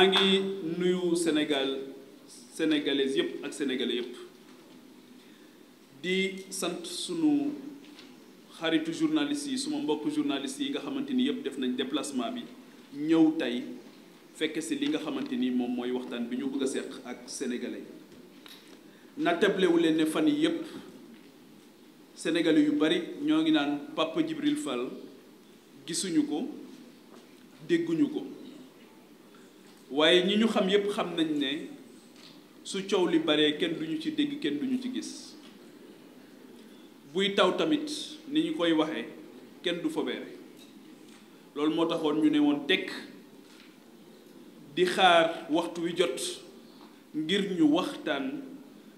maa ngi nuyu Sénégal sénégalais yëpp ak sénégalais yëpp di sant sunu xaritu journaliste yi suma mbokk journaliste yi nga xamante ni yëpp def nañ déplacement bi ñëw tey fekke si li nga xamante ni moom mooy waxtaan bi ñu bëgg a seq ak sénégalais na tablewu leen ne fan yi yëpp sénégalais yu bari ñoo ngi naan Papa Djibril Fall gisuñu ko dégguñu ko. waaye ñi ñu xam yépp xam nañ ne su coow li baree kenn duñu ci dégg kenn duñu ci gis buy taw tamit ni ñu koy waxe kenn du fobeere loolu moo taxoon ñu ne woon tekk di xaar waxtu wi jot ngir ñu waxtaan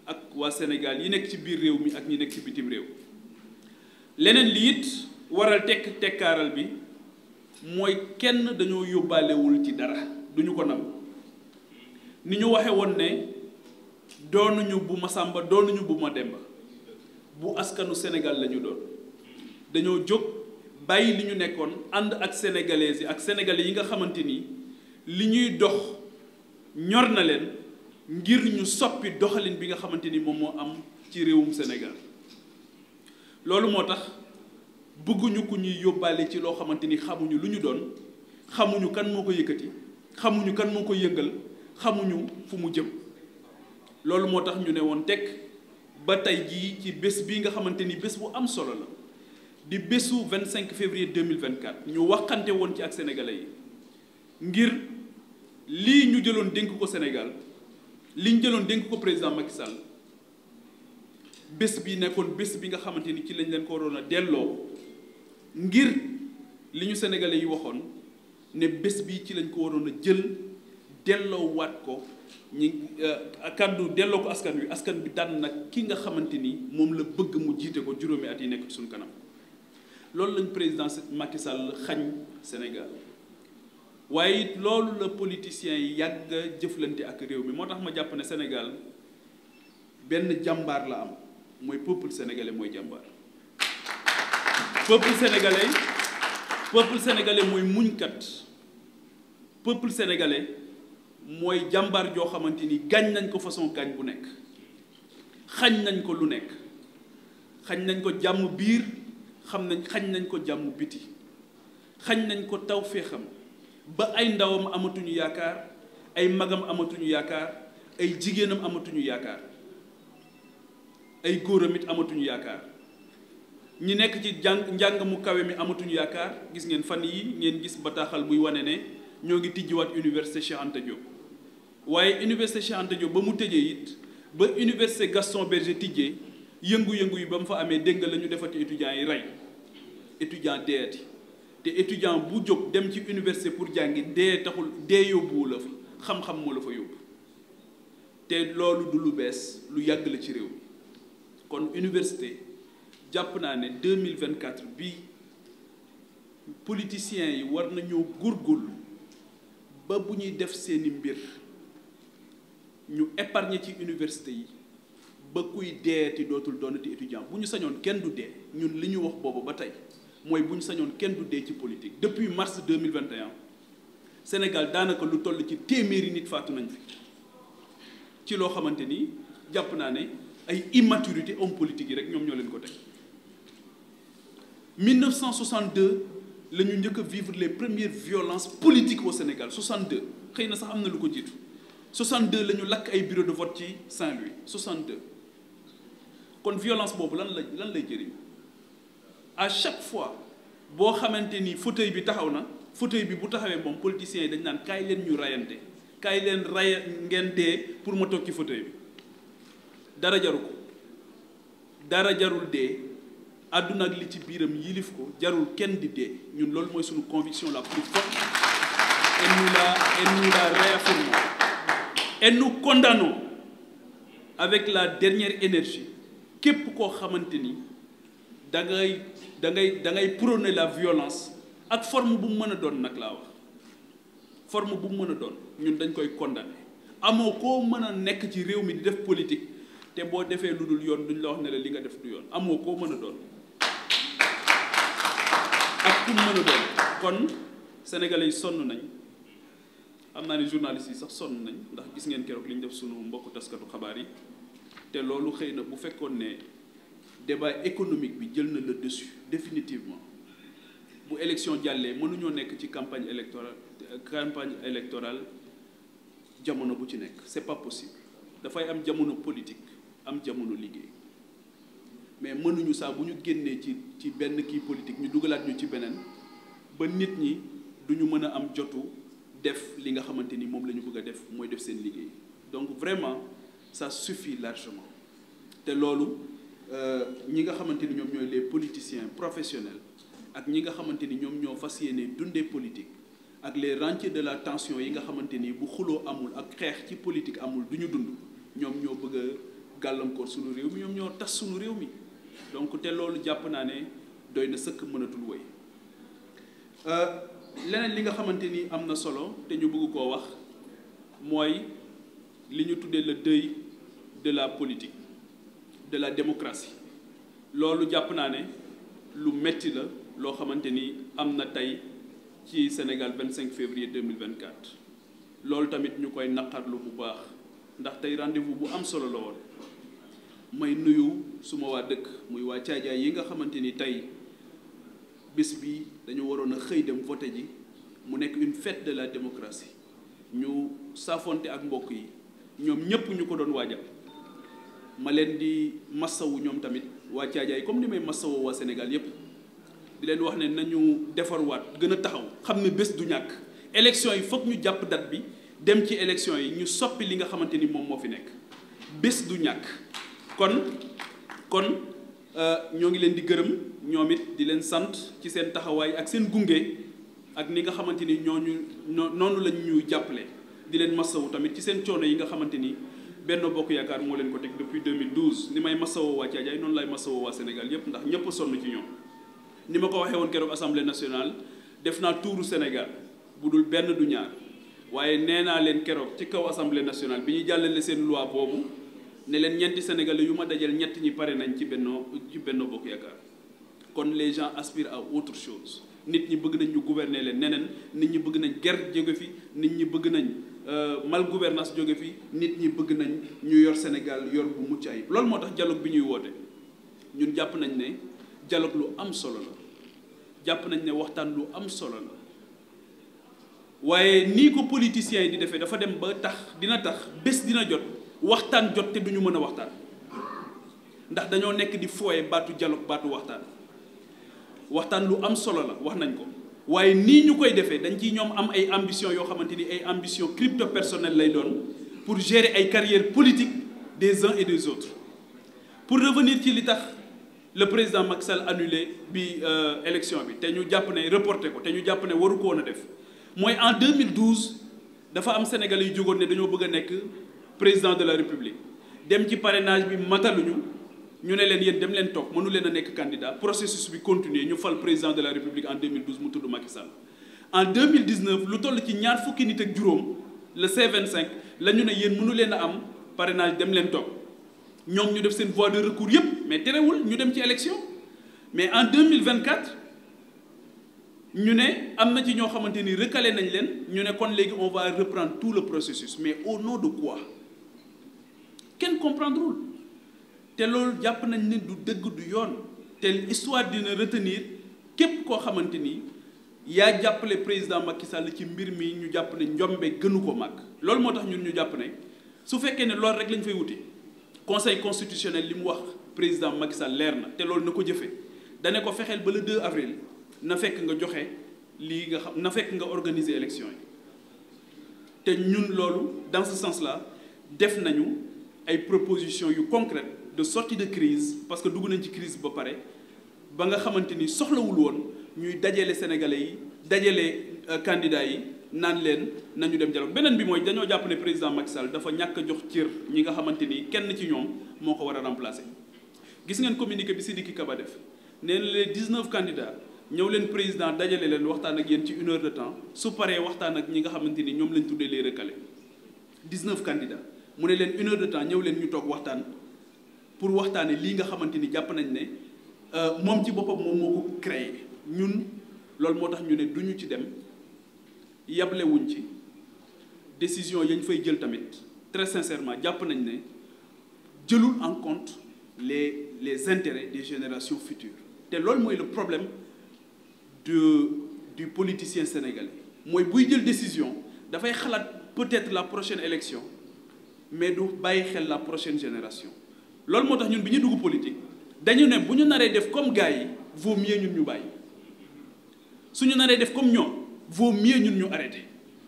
ak waa Sénégal yi nekk ci biir réew mi ak ñi nekk ci bitim réew leneen li it waral tekk tekkaaral bi mooy kenn dañoo yóbbaalewul ci dara duñu ko nangu ni ñu waxe woon ne doonuñu bu ma sàmba doonuñu bu ma demba bu askanu senegal lañu doon dañoo jóg bàyyi li ñu nekkoon ànd ak sénégalais yi ak sénégalais yi nga xamante ni li ñuy dox ñor na leen ngir ñu soppi doxalin bi nga xamante ni moom moo am ci réewum senegal loolu moo tax bëgguñu ku ñuy yóbbaale ci loo xamante ni xamuñu lu ñu doon xamuñu kan moo ko yëkkati xamuñu kan moo ko yëngal xamuñu fu mu jëm loolu moo tax ñu ne woon tekk ba tey jii ci bés bi nga xamante ni bés bu am solo la di bésu 25 février 2024 ñu waxante woon ci ak sénégalais yi ngir lii ñu jëloon dénk ko Sénégal li ñu jëloon dénk ko président Macky Sall bés bi nekkoon bés bi nga xamante ni ci lañ leen ko waroon a delloo ngir li ñu sénégalais yi waxoon. ne bés bi ci lañ ko waroon a jël delloowaat ko ñi euh, kàddu delloo ko askan wi askan bi daan nag ki nga xamante ni moom la bëgg mu jiite ko juróomi at yi nekk ci suñu kanam loolu lañ président Macky Sall xañ Sénégal waaye it loolu la politiciens yi yàgg jëflante ak réew mi moo tax ma jàpp ne Sénégal benn jàmbaar la am mooy peuple sénégalais mooy jàmbaar peuple sénégalais peuple sénégalais mooy muñkat peuple sénégalais mooy jàmbaar joo xamante ni gaañ nañ ko façon gaañ bu nekk xañ nañ ko lu nekk xañ nañ ko jàmm biir xam nañ xañ nañ ko jàmm biti xañ nañ ko taw féexam ba ay ndawam amatuñu yaakaar ay magam amatuñu yaakaar ay jigéenam amatuñu yaakaar ay góoram it amatuñu yaakaar ñi nekk ci jàng njàng mu kawe mi amatuñu yaakaar gis ngeen fan yi ngeen gis bataaxal buy wane ne ñoo ngi tijjiwaat université Cheikh Anta waaye université Cheikh Anta ba mu tëjee it ba université Gaston Berger tijjee yëngu-yëngu yi ba mu fa amee dégg la ñu defati étudiants yi rey étudiant deeti te étudiant bu jóg dem ci université pour jàngi dee taxul dee yóbbuwu la fa xam-xam moo la fa yóbbu te loolu du lu bees lu yàgg la ci réew mi kon université jàpp naa ne deux mille vingt quatre bii politiciens yi war nañoo góorgóorlu ba bu ñuy def seeni mbir ñu épargner ci université yi ba kuy deeti dootul doonati étudiant bu ñu sañoon kenn du dee ñun li ñuy wax boobu ba tey mooy bu ñu sañoon kenn du dee ci politique depuis mars deux mille vingt et Sénégal daanaka lu toll ci téeméeri nit faatu nañ fi ci loo xamante ni jàpp naa ne ay immaturité homme politique yi rek ñoom ñoo leen ko teg. 1962 la ñu njëkk a vivre les première violences politique au Sénégal 62 xëy na sax am na lu ko jiitu 62 la ñu lakk ay bureau de vote ci Saint-Louis 62 kon violence boobu lan la lan lay jëriñ a chaque fois boo xamante ni fauteuil bi taxaw na fauteuil bi bu taxawee moom politiciens yi dañ naan kaay leen ñu rayante kaay leen raya ngeen dee pour ma toog ci fauteuil bi dara jaru ko dara jarul dee. àdduna ak li ci biiram yilif ko jarul kenn di dee ñun loolu mooy suñu conviction la plus forte et la et la réaffirmons et nous avec la dernière énergie képp koo xamante ni dangay dangay da ngay da ngay la violence ak forme bu mu mën a doon nag laa wax forme bu mu mën a doon ñun dañ koy condamner amoo koo mën a nekk ci réew mi di def politique te boo defee lu dul yoon duñu la wax ne la li nga def du yoon amoo koo mën a doon ku mën a kon sénégalais yi sonn nañ am naa ne journalistes yi sax sonn nañ ndax gis ngeen keroog li ñu def sunu mbokku taskatu xabaar yi te loolu xëy na bu fekkoon ne débat économique bi jël na le dessus définitivement bu élection jàllee mënuñoo nekk ci campagne électorale campagne électorale jamono bu ci nekk c'est pas possible dafay am jamono politique am jamono liggéey mais mënuñu saa bu ñu génnee ci ci benn kii politique ñu dugalaat ñu ci beneen ba nit ñi du ñu mën a am jotu def li nga xamante ni moom la ñu bëgg a def mooy def seen liggéey donc vraiment ça suffit largement te loolu euh, ñi nga xamante ni ñoom ñooy les politiciens professionnels ak ñi nga xamante ni ñoom ñoo fas yéene dundee politique ak les rentiers de la tension yi nga xamante ni bu xuloo amul ak xeex ci politique amul du ñu dund ñoom ñoo bëgg a gàllankoor sunu réew mi ñoo tas sunu réew mi donc te loolu jàpp naa ne doy na sëkk mënatul woy euh, leneen li nga xamante ni am na solo te ñu bëgg koo wax mooy li ñu tuddee le deuil de la politique de la démocratie loolu jàpp naa ne lu metti la loo xamante ni am na tey ci Sénégal 25 février 2024 loolu tamit ñu koy naqarlu bu baax ndax tey rendez-vous bu am solo la woon may nuyu su ma waa dëkk muy waa caajaay yi nga xamante ni tey bis bi dañu waroon a xëy dem voté ji mu nekk une fête de la démocratie ñu saafonte ak mbokk yi ñoom ñépp ñu ko doon waajal ma leen di massawu ñoom tamit waa caajaay comme ni may massawoo waa Sénégal yépp di leen wax ne nañu defarwaat gën a taxaw xam ne bés du ñàkk élection yi foog ñu jàpp dat bi dem ci élection yi ñu soppi li nga xamante ni moom moo fi nekk bés du ñàkk kon kon euh, ñoo ngi leen di gërëm ñoom it di leen sant ci seen taxawaay ak seen gunge ak ni nga xamante ni ñooñu noonu lañ ñu jàppale di leen masawu tamit ci seen coono yi nga xamante ni Benno Bokk Yaakaar moo leen ko teg depuis 2012 ni may masawoo waa Thiadiaye noonu lay masawoo waa Sénégal yépp ndax ñëpp sonn ci ñoom ni ma ko waxee woon keroog assemblée nationale def naa tuuru Sénégal bu dul benn du ñaar waaye nee naa leen keroog ci kaw assemblée nationale bi ñu jàllale seen loi boobu ne leen ñeenti sénégalais yu ma dajal ñett ñi pare nañ ci Benno ci Benno Bokk Yaakaar kon les gens aspirent à autre nit ñi bëgg nañ ñu gouverner leen neneen nit ñi bëgg nañ guerre jóge fi nit ñi bëgg nañ euh, mal gouvernance jóge fi nit ñi bëgg nañ ñu yor Sénégal yor bu mucc ayib loolu moo tax dialogue bi ñuy woote ñun jàpp nañ ne jaloog lu am solo la jàpp nañ ne waxtaan lu am solo la waaye nii ko politiciens yi di defee dafa dem ba tax dina tax bés dina jot waxtaan jot te du ñu mën a waxtaan ndax dañoo nekk di fooye baatu dialogue baatu waxtaan waxtaan lu am solo la wax nañ ko waaye nii ñu koy defee dañ ci ñoom am ay ambition yoo xamante ni ay ambition crypto personnelle lay doon pour gérer ay carrières politique des uns et des autres pour revenir ci li tax le président Macky Sall annulé bi euh, élection bi te ñu jàpp ne reporté ko te ñu jàpp ne waru koon a def mooy en 2012 dafa am sénégal yu jógoon ne dañoo bëgg a nekk président de la république dem ci parrainage bi mataluñu ñu ne leen yéen dem leen toog mënu leen a nekk candidat processus bi continuer ñu fal président de la république en 2012 mu tudd Macky Sall en 2019 lu toll ci ñaar fukki nit ak juróom le C25 la ñu ne yéen mënu leen am parenage dem leen toog ñoom ñu def seen voie de recours yépp mais terewul ñu dem ci élection mais en 2024 ñu ne am na ci ñoo xamante ni recalé nañ leen ñu ne kon léegi on va reprendre tout le processus mais au nom de kenn comprendrewul te loolu jàpp nañ ne du dëgg du yoon te histoire dina retenir képp koo xamante ni yaa jàppale président Macky Sall ci mbir mi ñu jàpp ne njombe gënu ko mag loolu moo tax ñun ñu jàpp ne su fekkee ne loolu rek lañ fay wute conseil constitutionnel li mu wax président Macky Sall leer na te loolu na ko jëfee dane ko fexeel ba le 2 avril na fekk nga joxe lii nga xam na fekk nga organiser élection yi te ñun loolu dans ce sens là def nañu. ay proposition yu concrètes de sortie de crise parce que dugg nañ ci crise ba pare ba nga xamante ni soxlawul woon ñuy dajale sénégalais yi dajale euh, candidats yi naan leen nañu dem dialogue beneen bi mooy dañoo jàpp ne président Macky Sall dafa ñàkk jox cër ñi nga xamante ni kenn ci ñoom moo ko war a remplacer. gis ngeen communiqué bi si Sidiki Kaba def nee na les 19 candidats ñëw leen président dajale leen waxtaan ak yéen ci une de temps su paree waxtaan ak ñi nga xamante ni ñoom lañ tuddee les recalés 19 candidats. mu ne leen une de temps ñëw leen ñu toog waxtaan pour waxtaane lii nga xamante ni jàpp nañ ne euh, moom ci boppam moom moo ko créé ñun loolu moo tax ñu ne duñu ci dem yablewuñ ci décision yañ fay jël tamit très sincèrement jàpp nañ ne jëlul en compte les les intérêts des générations futures te loolu mooy le problème de du politicien sénégalais mooy buy jël décision dafay xalaat peut-être la prochaine élection mais du bàyyi xel la prochaine génération loolu moo tax ñun bi ñu dugg politique dañu ne bu ñu naree def comme gars yi vaut mieux ñun ñu bàyyi suñu naree def comme ñoom vaut mieux ñun ñu arrêté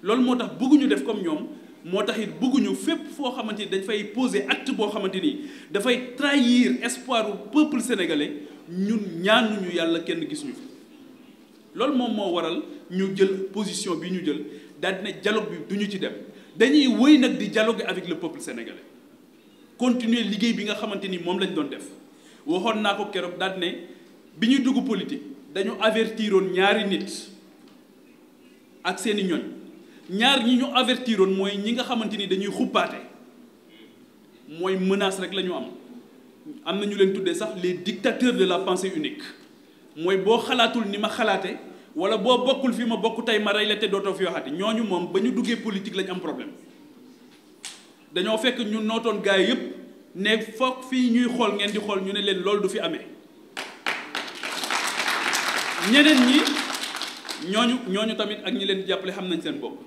loolu moo tax bëgguñu def comme ñoom moo tax it bëgguñu fépp foo xamante ni dañ fay poser acte boo xamante ni dafay trahir espoir u peuple sénégalais ñun ñu yàlla kenn gisuñu ñu fi loolu moom moo waral ñu jël position bi ñu jël daal dina dialogue bi duñu ci dem dañuy wëy nag di dialoguer avec le peuple sénégalais continuer liggéey bi nga xamante ni moom lañ doon def waxoon naa ko keroog daal ne bi ñuy dugg politique dañu avertiroon ñaari nit ak seeni ñoñ ñaar ñi ñu avertiroon mooy ñi nga xamante ni dañuy xuppaate mooy menace rek la ñu am am na ñu leen tuddee sax les dictateurs de la pensée unique mooy boo xalaatul ni ma xalaate wala boo bokkul fii ma bokk tey ma rey la te dootoo fi ñoo ñu moom ba ñu duggee politique lañ am problème dañoo fekk ñu nootoon gars yi yëpp ne foog fii ñuy xool ngeen di xool ñu ne leen loolu du fi amee ñeneen ñi ñooñu ñooñu tamit ak ñi leen di jàppale xam nañ seen bopp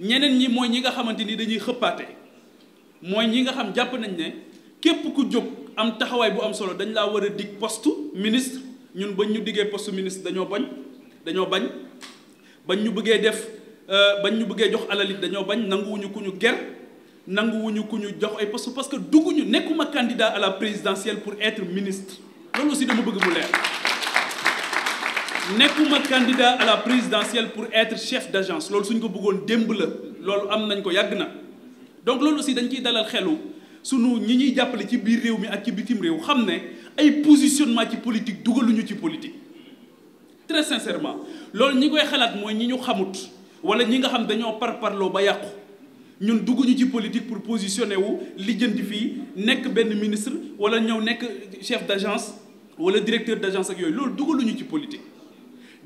ñeneen ñi mooy ñi nga xamante ni dañuy xëppaate mooy ñi nga xam jàpp nañ ne képp ku jóg am taxawaay bu am solo dañ laa war a dig poste ministre ñun bañ ñu diggee poste ministre dañoo bañ dañoo bañ bañ ñu bëggee def euh, bañ ñu bëggee jox alal dañoo bañ nanguwuñu ku ñu ger nanguwuñu ku ñu jox ay poste parce que dugguñu nekkuma candidat à la présidentielle pour être ministre loolu si dama bëgg mu leer nekkuma candidat à la présidentielle pour être chef d'agence loolu suñ ko bëggoon démb la loolu am nañ ko yàgg na donc loolu aussi dañ ciy dalal xelu sunu ñi ñuy jàppale ci biir réew mi ak ci bitim réew xam ne ay positionnement ci politique dugaluñu ci politique très sincèrement loolu ñi koy xalaat mooy ñi ñu xamut wala ñi nga xam dañoo parparloo ba yàqu ñun dugguñu ci politique pour positionner wu di fii nekk benn ministre wala ñëw nekk chef d'agence wala directeur d'agence ak yooyu loolu duggaluñu ci politique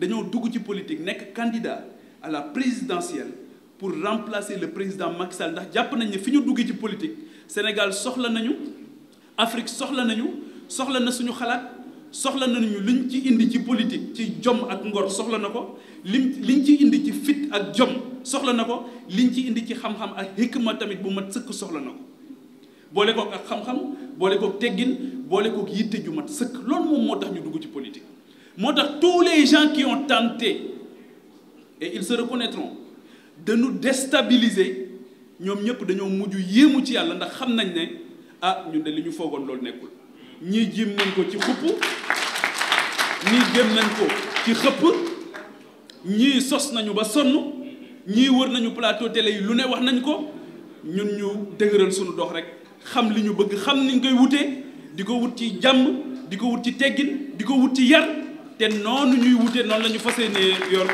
dañoo dugg ci politique nekk candidat à la présidentielle pour remplacer le président Macky Sall ndax jàpp nañ ne fi ñu duggee ci politique Sénégal soxla nañu Afrique soxla nañu soxla na suñu xalaat soxla na nañu liñ ci indi ci politique ci jom ak ngor soxla na ko li liñ ci indi ci fit ak jom soxla na ko liñ ci indi ci xam-xam ak hikma tamit bu mat sëkk soxla na ko boole kook ak xam-xam boole kook teggin boole kook yitte ju mat sëkk loolu moom moo tax ñu dugg ci politique moo tax tous les gens qui ont tenté et ils se reconnaîtront de nous déstabiliser ñoom ñëpp dañoo mujj yéemu ci yàlla ndax xam nañ ne ah ñu de li ñu foogoon loolu nekkul ñii jim nañ ko ci xupp ñii jëm nañ ko ci xëpp ñii sos nañu ba sonn ñii wër nañu plateau télé yi lu ne wax nañ ko ñun ñu dëgëral suñu dox rek xam li ñu bëgg xam niñ koy wutee di ko wut ci jàmm di ko wut ci teggin di ko wut ci yar te noonu ñuy wute noonu lañu ñu fas yéenee yor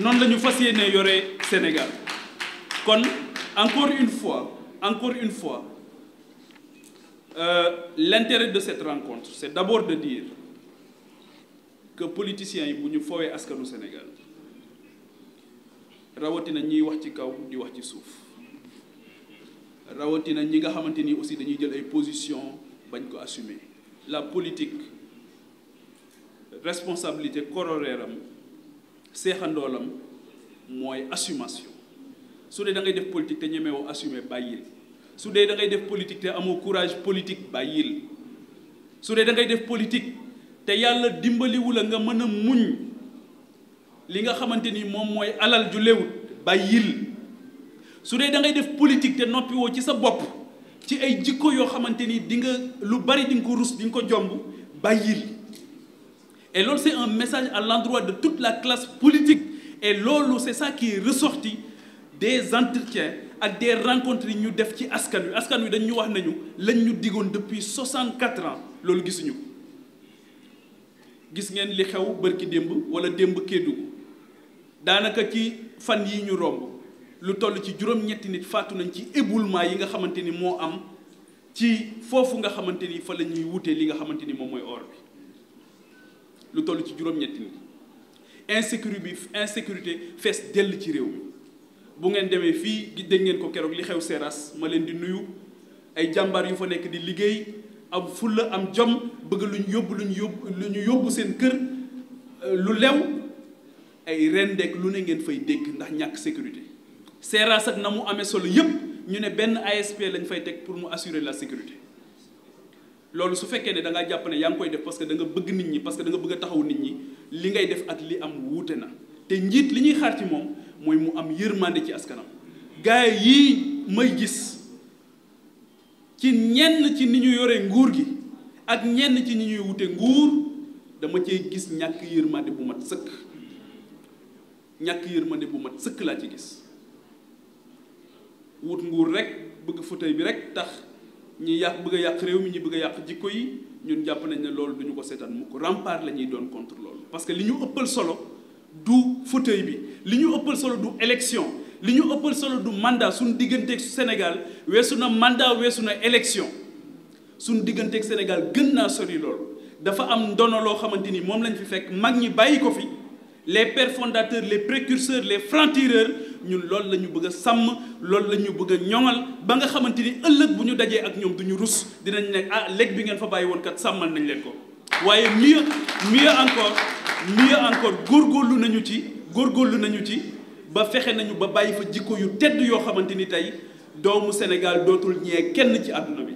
noonu lañu ñu fas yéenee yore Sénégal kon encore une fois encore une fois Euh, l'intérêt de cette rencontre c'est d'abord de dire que politiciens yi bu ñu foowee askanu Sénégal rawatina ñiy wax ci kaw di wax ci suuf rawatina ñi nga xamante ni aussi dañuy jël ay position bañ ko assumer la politique responsabilité corollaire am seexandoolam mooy assumation su dee da ngay def politique te ñemewoo assumer bàyyil su dee da ngay def politique te amoo courage politique bàyyil su dee da def politique te yàlla dimbaliwu la nga mën a muñ li nga xamante ni moom mooy alal ju léwut bàyyil su dee dangay def politique te noppiwoo ci sa bopp ci ay jikko yoo xamante ni di nga lu bari di nga ko rus di nga ko jomb bàyyil et loolu c'est un message à l'endroit de toute la classe politique et loolu c'est ça qui est des entretiens ak des rencontres yi ñu def ci askan wi askan wi dañ wax nañu lañ ñu digoon depuis 64 ans loolu gisuñu gis ngeen li xew bërki démb wala démb Kédougou daanaka ci fan yi ñu romb lu toll ci juróom-ñetti nit faatu nañ ci éboulement yi nga xamante ni moo am ci foofu nga xamante ni fa la ñuy wutee li nga xamante ni moom mooy or bi lu toll ci juróom-ñetti nit insécurité bi insécurité fees dell ci réew mi bu ngeen demee fii di dégg ngeen ko keroog li xew Seras ma leen di nuyu ay jàmbaar yu fa nekk di liggéey am fulla am jom bëgg lu ñu yóbbu lu ñu yóbbu lu ñu yóbbu seen kër euh, lu lew ay rendeek lu ne ngeen fay dégg ndax ñàkk sécurité Seras ak na mu amee solo yépp ñu ne benn ASP lañ fay teg pour mu assurer la sécurité loolu su fekkee ne da jàpp ne yaa ngi koy def parce que da nga bëgg nit ñi parce que nga bëgg a taxaw nit ñi li ngay def at li am wuute na te njiit li ñuy xaar ci moom mooy mu am yërmande ci askanam gaay yii may gis ci ñenn ci ni ñu yore nguur gi ak ñenn ci ni ñuy wute nguur dama cee gis ñàkk yërmande bu mat sëkk ñàkk yërmande bu mat sëkk laa ci gis wut nguur rek bëgg fauteuil bi rek tax ñi yàq bëgg a yàq réew mi ñi bëgg a yàq jikko yi ñun jàpp nañ ne loolu ñu ko seetaan mukk ko rempart la ñuy doon contre loolu parce que li ñu ëppal solo du fauteuil bi li ñu ëppal solo du élection li ñu ëppal solo du mandat suñu digganteek Sénégal weesu na mandat weesu na élection suñu digganteeg Sénégal gën naa sori loolu dafa am ndono loo xamante ni moom lañ fi fekk mag ñi bàyyi ko fi les pères fondateurs les précurseurs les francs ñu ñun loolu la ñu bëgg sàmm loolu la ñu bëgg a ñoŋal ba nga xamante ni ëllëg bu ñu dajee ak ñoom du ñu rus dinañ ne ah lekk bi ngeen fa bàyyi woon kat sàmmal nañ leen ko mieux encore góorgóorlu nañu ci góorgóorlu nañu ci ba fexe nañu ba bàyyi fa jikko yu tedd yoo xamante ni tey doomu Sénégal dootul ñee kenn ci àdduna bi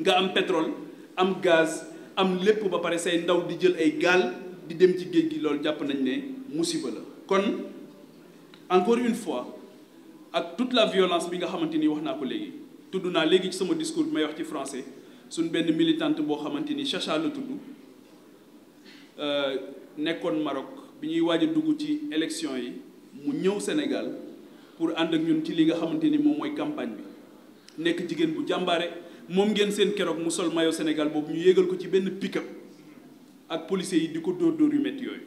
nga am pétrole am gaz am lépp ba pare say ndaw di jël ay gaal di dem ci géej gi loolu jàpp nañ ne musiba la kon encore une fois ak toute la violence bi nga xamante ni wax naa ko léegi tudd naa léegi ci sama discours bi may wax ci français suñ benn militante boo xamante ni Chacha la tudd euh, nekkoon Maroc bi ñuy waaj dugg ci élection yi mu ñëw Sénégal pour ànd ak ñun ci li nga xamante ni moom mooy campagne bi nekk jigéen bu jàmbaare moom ngeen seen keroog mu sol maillot Sénégal boobu ñu yégal ko ci benn pick ak policiers yi di ko dóor dóor yu métti yooyu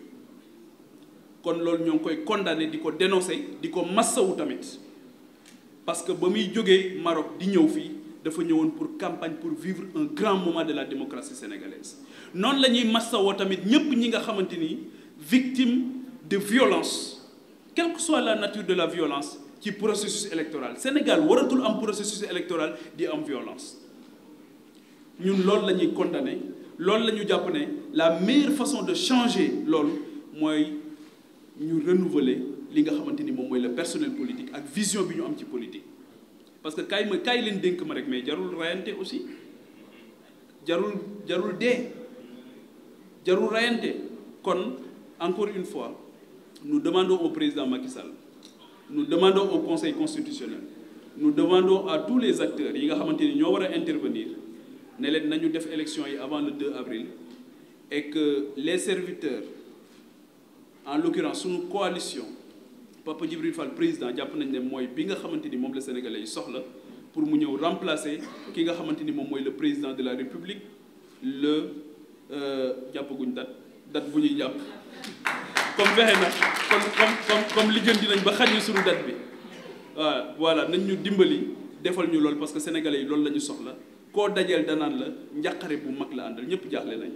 kon loolu ñoo ngi koy condamné di ko dénoncé di ko massawu tamit parce que ba muy jógee Maroc di ñëw fii dafa ñëwoon pour campagne pour vivre un grand moment de la démocratie sénégalaise noonu la ñuy massawoo tamit ñépp ñi nga xamante ni victime de violence quelle que soit la nature de la violence ci processus électoral Sénégal waratul am processus électoral di am violence ñun loolu la ñuy condamné loolu la ñu jàpp la meilleure façon de changer loolu mooy ñu renouveler li nga xamante ni moom mooy le personnel politique ak vision bi ñu am ci politique parce que kaay ma kaay leen dénk ma rek mais jarul rayante aussi jarul jarul dee jarul rayante kon encore une fois nu demando au président Macky Sall nous demandons au conseil constitutionnel nu demando à tous les acteurs yi nga xamante ni ñoo war a intervenir ne leen nañu def élection yi avant le 2 avril et que les serviteurs en l'occurrence sunu coalition Papa Djibril Fall président jàpp nañ ne mooy bi nga xamante ni moom la sénégalais yi soxla pour mu ñëw remplacer ki nga xamante ni moom mooy le président de la république le euh, jàppaguñ dat dat bu ñuy jàpp comme fexe na comme comme comme li jën dinañ ba xañ suñu dat bi waaw voilà nañ ñu dimbali defal ñu loolu parce que sénégalais yi loolu la ñu soxla koo dajeel danaan la njàqare bu mag la àndal ñëpp jaaxle nañ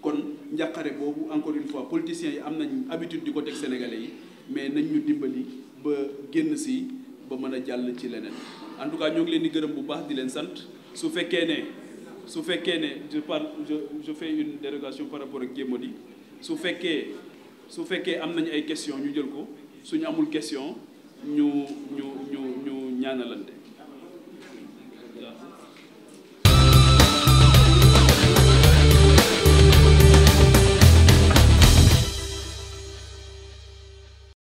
kon njàqare boobu encore une fois politiciens am nañ habitude di ko teg sénégalais yi mais nañ ñu dimbali ba génn si ba mën a jàll ci leneen en tout cas ñoo ngi leen di gërëm bu baax di leen sant su fekkee ne su fekkee ne je parle je je une dérogation par rapport ak Gémodi su fekkee su fekkee am nañu ay question ñu jël ko suñu amul question ñu ñu ñu ñu ñaanalante